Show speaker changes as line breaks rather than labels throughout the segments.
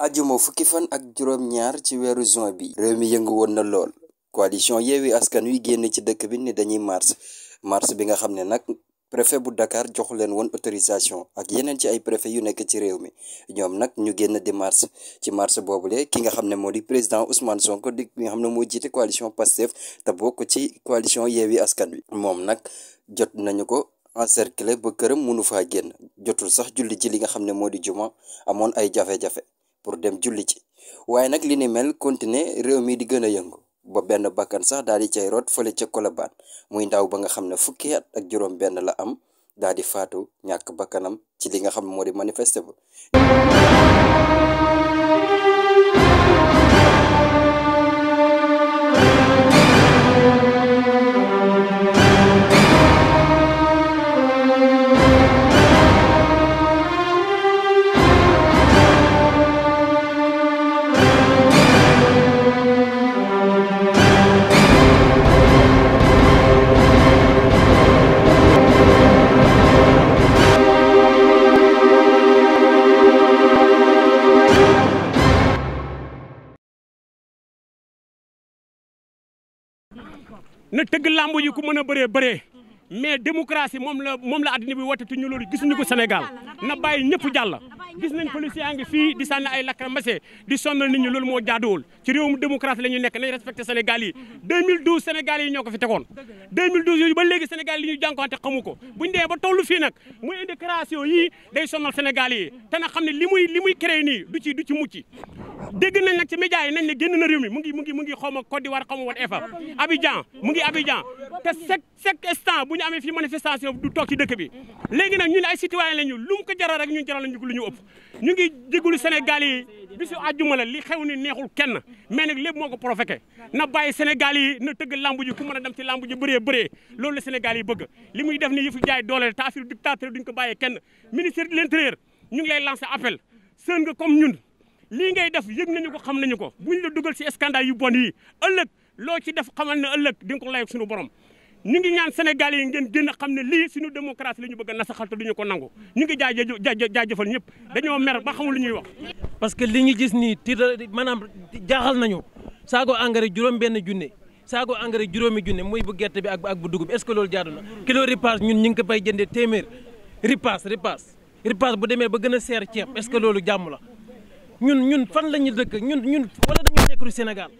ajuma fukki fan ak juróom-ñaar ci weeru juin bi réew mi yëngu woon na lool coalition Yewwi Askan Wi génn ci dëkk bi ni dañuy marche marche bi nga xam ne nag préfet bu Dakar joxu leen woon autorisation ak yeneen ci ay préfet yu nekk ci réew mi ñoom nag ñu génn di marche ci marche boobule ki nga xam ne moo di président Ousmane Sonko di nga xam ne moo jiite coalition Pastef te bokk ci coalition Yewwi Askan Wi moom nag jot nañu ko encerclé ba këram mënu faa génn jotul sax julli ci li nga xam ne moo di juma amoon ay jafe pour dem julli ci waaye nag li ni mel continuer réew mi di gën a yëngu ba benn bakkan sax daal di cay root fële ca Colobane muy ndaw ba nga xam ne fukki at ak juróom benn la am daal di faatu ñàkk bakkanam ci li nga xam ne moo di manifester ba
na tëgg làmb yi ku mën a bëree bëree mais démocratie moom la moom la bi woote te ñu loolu gisuñu ko Sénégal na bàyyi ñëpp jàll gis nañ policier yaa ngi fii di sànni ay lacrymogène di sonnal ni ñu loolu moo jaaduwul ci réew réewum démocratie la ñu nekk nañ respecté senegal yi 2012 Sénégal yi ñoo ko fi tegoon 2012 yooyu ba léegi Sénégal yi ñu jànkuwante xamu ko buñu demee ba tollu fii nag muy indi création yii day sonnal Sénégal yi te na xam ne li muy li muy créé nii du ci du ci mucc dégg nañ nag ci médias yi nañ ne génn na ngi mu ngi mu ngi xaw ma Côte d'Ivoire xaw ma wat Abidjan mu ngi Abidjan te chaque chaque instant bu ñu amee fii manifestation du toog ci dëkk bi léegi nag ñu ne ay citoyen la ñu lu mu ko jaral rek ñu jaral nañu lu ñu ëpp ñu ngi jégalu Sénégal yi bisu àjjuma la li xew ni neexul kenn mais nag lépp moo ko proféqué na bàyyi Sénégal yi na tëgg lamb ji ku mën a dem ci lamb ji bëree bëree loolu la Sénégal yi bëgg li muy def ni yëfu jaay doole te affaire dictateur duñ ko bàyyee kenn ministre de l'intérieur ñu ngi lay lancé appel seen comme ñun lii ngay def yëg nañu ko xam nañu ko buñ la dugal ci scandale yu bon yi ëllëg loo ci def xamal ne ëllëg di ko lay sunu borom ñu ngi ñaan Sénégal yi ngeen gën a xam ne lii suñu démocratie la ñu bëgg a nasaxal te duñu ko nangu ñu ngi jaajëf jaajëfal ñëpp dañoo mer ba xamul lu ñuy wax. parce que li ñu gis nii tiital maanaam jaaxal nañu saako engrais
juróom-benn junne saako engrais juróomi junne mooy bu gerte bi ak ak bu dugub est-ce que loolu jaadu na kilo ripaas ñun ñu ngi ko fay jëndee téeméer ripaas ripaas ripaas bu demee ba gën a seer ceeb est-ce que loolu jàmm la ñun ñun fan la ñu dëkk ñun ñun wala dañu nekk du Sénégal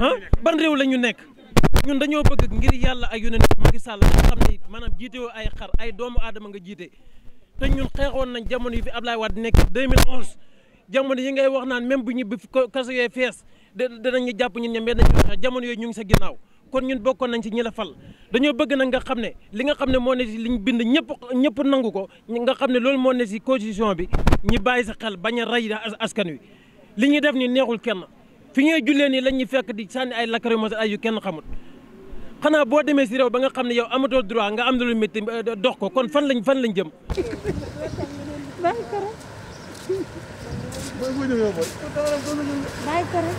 ah ban réew la ñu nekk ñun dañoo bëgg ngir yàlla ak yonent Macky Sall nga xam ne maanaam jiitewoo ay xar ay doomu aadama nga jiite te ñun xeexoon nañ jamono yi fi Ablaye Wade nekk 2011 jamono yi ngay wax naan même bu ñibbi bi kaso yooyu fees danañu jàpp ñun ñoom benn jamono yooyu ñu ngi sa ginnaaw kon ñun bokkoon nañ ci ñi la fal dañoo bëgg nag nga xam ne li nga xam ne moo ne si liñ bind ñëpp ñëpp nangu ko nga xam ne loolu moo ne si constitution bi ñi bàyyi sa xel bañ a rey askan wi li ñuy def ni neexul kenn fi ñuy jullee nii lañ ñu fekk di sànni ay lacrymogène ay yu kenn xamut xanaa boo demee si rew ba nga xam ne yow amatoo droit nga am na lu métti euh, dox ko kon fan lañ fan lañ jëm. bàyyi ko rek.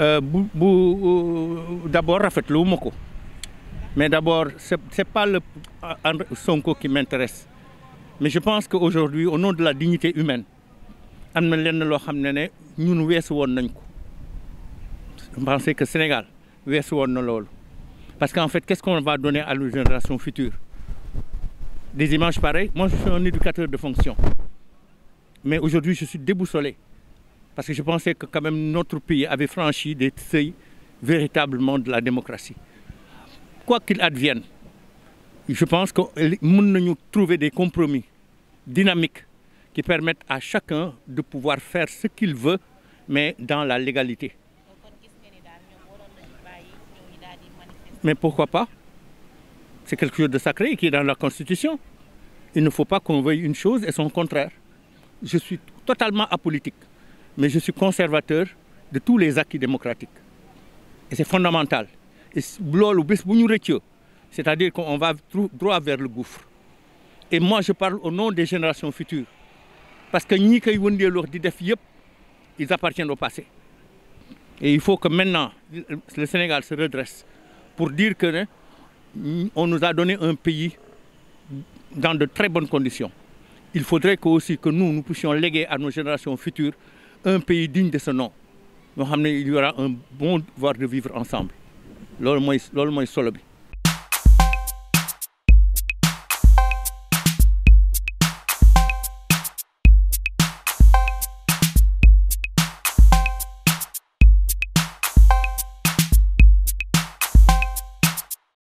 Euh, bu bu euh, d'abord rafetlu ma ko mais d'abord c'est c'est pas le Sonko qui m'intéresse mais je pense que aujourd'hui au nom de la dignité humaine am na lenn loo xam ne ne ñun weesu woon nañ ko je pensais que Sénégal weesu woon na loolu parce qu'en fait qu'est-ce qu'on va donner à nos générations futures des images pareilles moi je suis un éducateur de fonction mais aujourd'hui je suis déboussolé Parce que je pensais que quand même notre pays avait franchi des seuils véritablement de la démocratie. Quoi qu'il advienne, je pense que nous devons trouver des compromis dynamiques qui permettent à chacun de pouvoir faire ce qu'il veut, mais dans la légalité. Mais pourquoi pas C'est quelque chose de sacré qui est dans la Constitution. Il ne faut pas qu'on veuille une chose et son contraire. Je suis totalement apolitique. mais je suis conservateur de tous les acquis démocratiques. Et c'est fondamental. Et loolu bés bu ñu rëccee c'est-à-dire qu'on va droit vers le gouffre. Et moi je parle au nom des générations futures parce que ñi koy wëndeeloo di def yëpp ils appartiennent au passé. Et il faut que maintenant le Sénégal se redresse pour dire que ne on nous a donné un pays dans de très bonnes conditions. Il faudrait que aussi que nous nous puissions léguer à nos générations futures un pays digne de ce nom ñoo xam ne il y aura un bon devoir de vivre ensemble loolu mooy loolu mooy solo bi